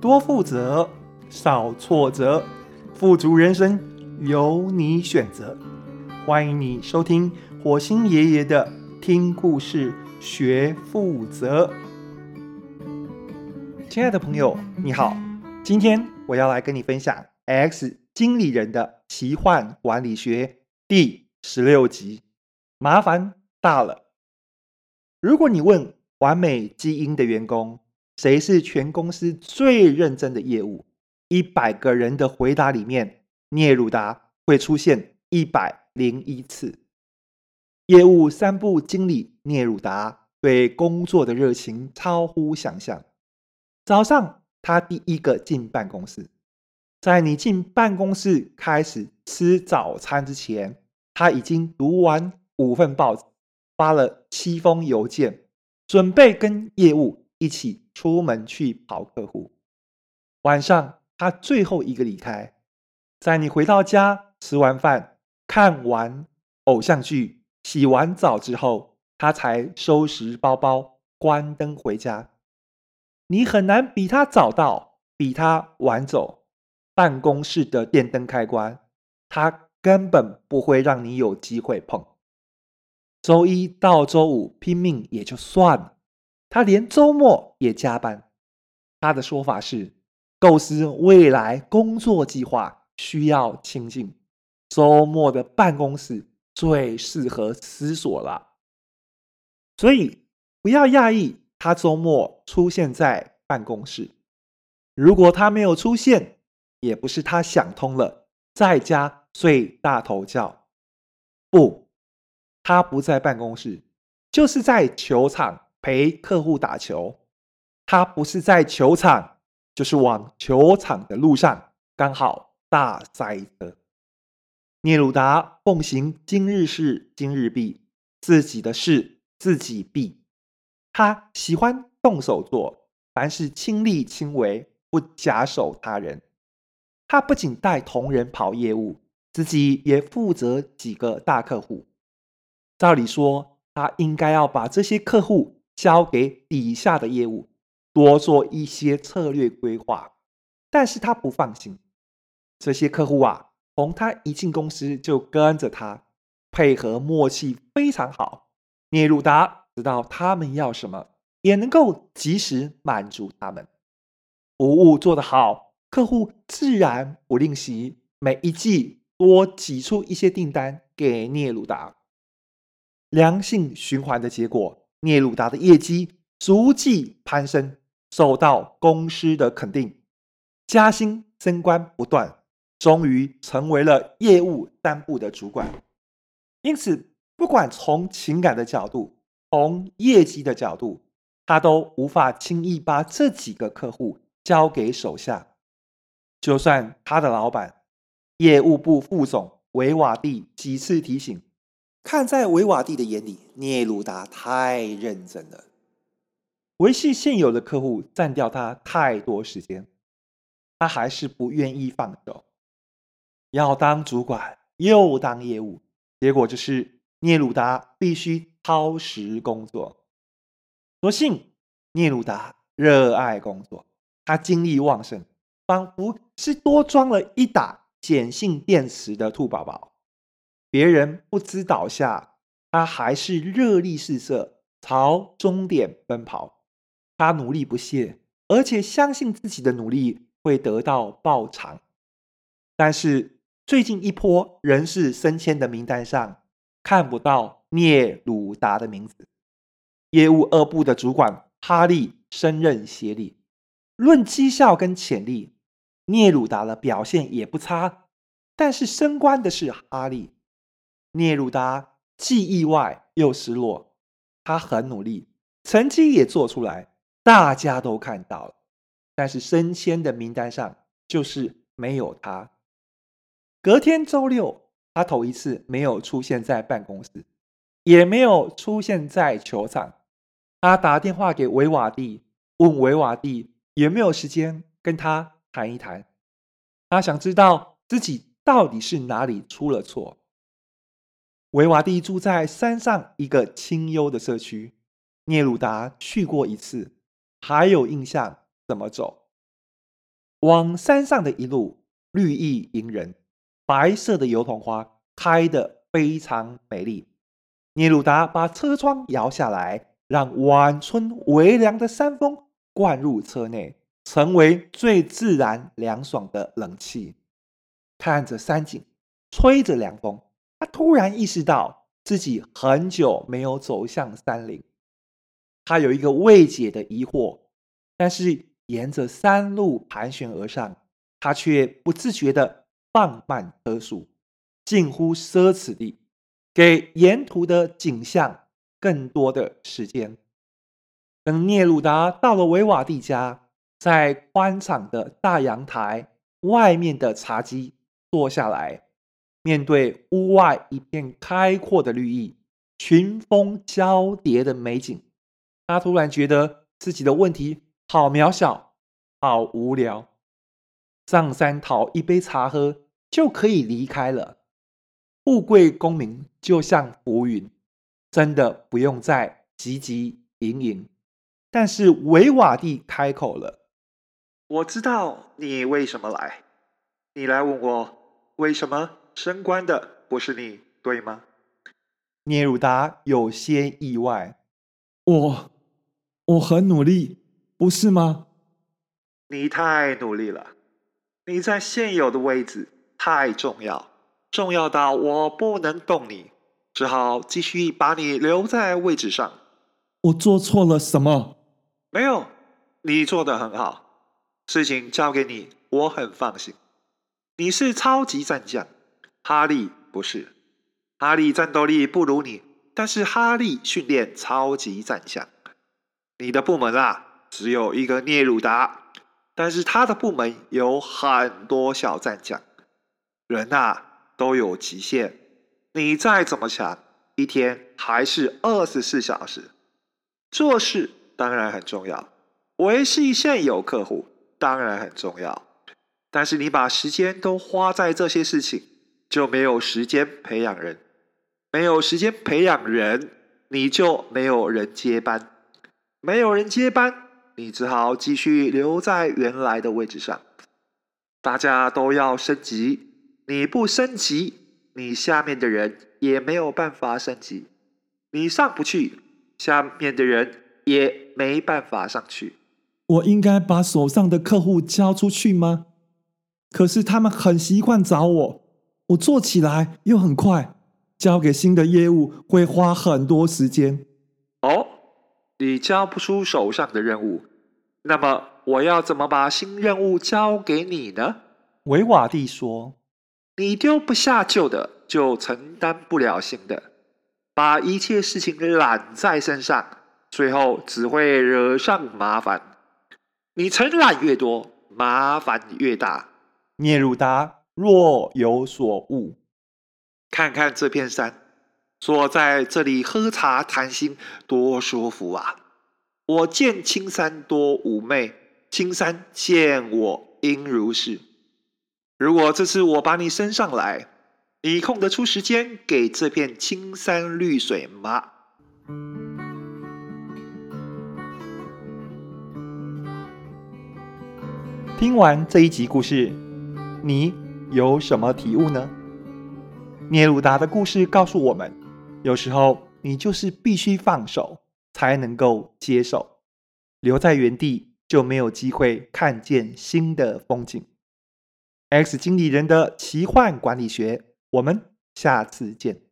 多富擇，少挫折，富足人生由你選擇。歡迎你收聽火星爺爺的聽故事學富擇。親愛的朋友，你好， 今天我要來跟你分享《X 經理人的奇幻管理學》第十六集，麻煩大了。如果你問完美基因的員工，誰是全公司最認真的業務？一百個人的回答裡面，聶魯達會出現一百零一次。業務三部經理聶魯達對工作的熱情超乎想象。早上，他第一個進辦公室，在你進辦公室開始吃早餐之前，他已經讀完五份報紙，發了七封郵件，準備跟業務一起出門去跑客戶，晚上他最後一個離開。在你回到家，吃完飯，看完偶像劇，洗完澡之後，他才收拾包包，關燈回家。你很難比他早到，比他晚走。辦公室的電燈開關，他根本不會讓你有機會碰。周一到周五拼命也就算了。他連周末也加班。他的說法是：構思未來工作計劃需要清靜，周末的辦公室最適合思索了。所以不要訝異他周末出現在辦公室。如果他沒有出現，也不是他想通了，在家睡大頭覺。不，他不在辦公室，就是在球場。陪客戶打球，他不是在球場，就是往球場的路上，剛好大塞車。聶魯達奉行“今日事今日畢”，自己的事自己畢。他喜歡動手做，凡事親力親為，不假手他人。他不僅帶同仁跑業務，自己也負責幾個大客戶。照理說，他應該要把這些客戶交給底下的業務多做一些策略規劃，但是他不放心這些客戶啊，從他一進公司就跟着他，配合默契非常好。聶魯達知道他們要什麼，也能夠及時滿足他們。服務做得好，客戶自然不吝惜，每一季多擠出一些訂單給聶魯達，良性循環的結果。聶魯達的業績逐季攀升，受到公司的肯定，加薪升官不斷，終於成為了業務單部的主管。因此，不管從情感的角度，從業績的角度，他都無法輕易把這幾個客戶交給手下。就算他的老板，業務部副總韋瓦第幾次提醒。看在韋瓦第的眼裡，聶魯達太認真了，維繫現有的客戶佔掉他太多時間，他還是不願意放手，要當主管又當業務，結果就是聶魯達必須超時工作。所幸聶魯達熱愛工作，他精力旺盛，仿佛是多裝了一打鹼性電池的兔寶寶。別人不知倒下，他還是熱力四射，朝終點奔跑。他努力不懈，而且相信自己的努力會得到報償。但是最近一波人事升遷的名單上，看不到聶魯達的名字。業務二部的主管哈利升任協理。論績效跟潛力，聶魯達的表現也不差，但是升官的是哈利。聶魯達既意外又失落，他很努力，成績也做出來，大家都看到了，但是升遷的名單上就是沒有他。隔天周六，他頭一次沒有出現在辦公室，也沒有出現在球場。他打電話給韋瓦第，問韋瓦第有沒有時間跟他談一談。他想知道自己到底是哪裡出了錯。韋瓦第住在山上一個清幽的社區，聶魯達去過一次，還有印象。怎麼走？往山上的一路綠意迎人，白色的油桐花開得非常美麗。聶魯達把車窗搖下來，讓晚春微涼的山風灌入車內，成為最自然涼爽的冷氣。看着山景，吹着涼風。他突然意識到自己很久沒有走向山林，他有一個未解的疑惑，但是沿着山路盤旋而上，他卻不自覺地放慢車速，近乎奢侈地給沿途的景象更多的時間。等聶魯達到了韋瓦第家，在寬敞的大陽台外面的茶几坐下來。面對屋外一片開闊的綠意，群峰交疊的美景，他突然覺得自己的問題好渺小，好無聊。上山討一杯茶喝，就可以離開了。富貴功名就像浮雲，真的不用再汲汲營營。但是韋瓦第開口了：“我知道你為什麼來，你來問我為什麼。”升官的不是你，對嗎？聶魯達有些意外。我，我很努力，不是嗎？你太努力了。你在現有的位置太重要，重要到我不能動你，只好繼續把你留在位置上。我做錯了什麼？沒有，你做得很好。事情交給你，我很放心。你是超級戰將。哈利不是，哈利戰鬥力不如你，但是哈利訓練超級戰將。你的部門啊，只有一個聶魯達，但是他的部門有很多小戰將。人吶，都有極限，你再怎麼強，一天還是二十四小時。做事當然很重要，維繫現有客戶當然很重要，但是你把時間都花在這些事情。就沒有時間培養人，沒有時間培養人，你就沒有人接班，沒有人接班，你只好繼續留在原來的位置上。大家都要升級，你不升級，你下面的人也沒有辦法升級，你上不去，下面的人也沒辦法上去。我應該把手上的客戶交出去嗎？可是他們很習慣找我。我做起來又很快，交給新的業務會花很多時間。哦，你交不出手上的任務，那麼我要怎麼把新任務交給你呢？韋瓦第說：“你丟不下舊的，就承擔不了新的，把一切事情攬在身上，最後只會惹上麻煩。你承攬越多，麻煩越大。”聶魯達，若有所悟，看看這片山，坐在這裡喝茶談心多舒服啊！我見青山多嫵媚，青山見我應如是。如果這次我把你升上來，你空得出時間給這片青山綠水嗎？聽完這一集故事，你。有什麼體悟呢？聶魯達的故事告訴我們，有時候你就是必須放手，才能夠接受。留在原地就沒有機會看見新的風景。X 經理人的奇幻管理學，我們下次見。